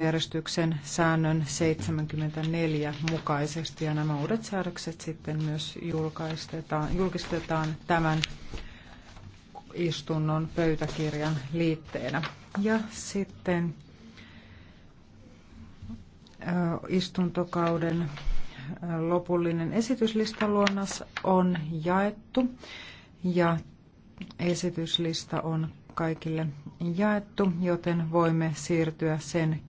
järjestyksen säännön 74 mukaisesti ja nämä uudet säädökset sitten myös julkistetaan tämän istunnon pöytäkirjan liitteenä. Ja sitten istuntokauden lopullinen esityslistaluonnos on jaettu ja esityslista on kaikille jaettu, joten voimme siirtyä sen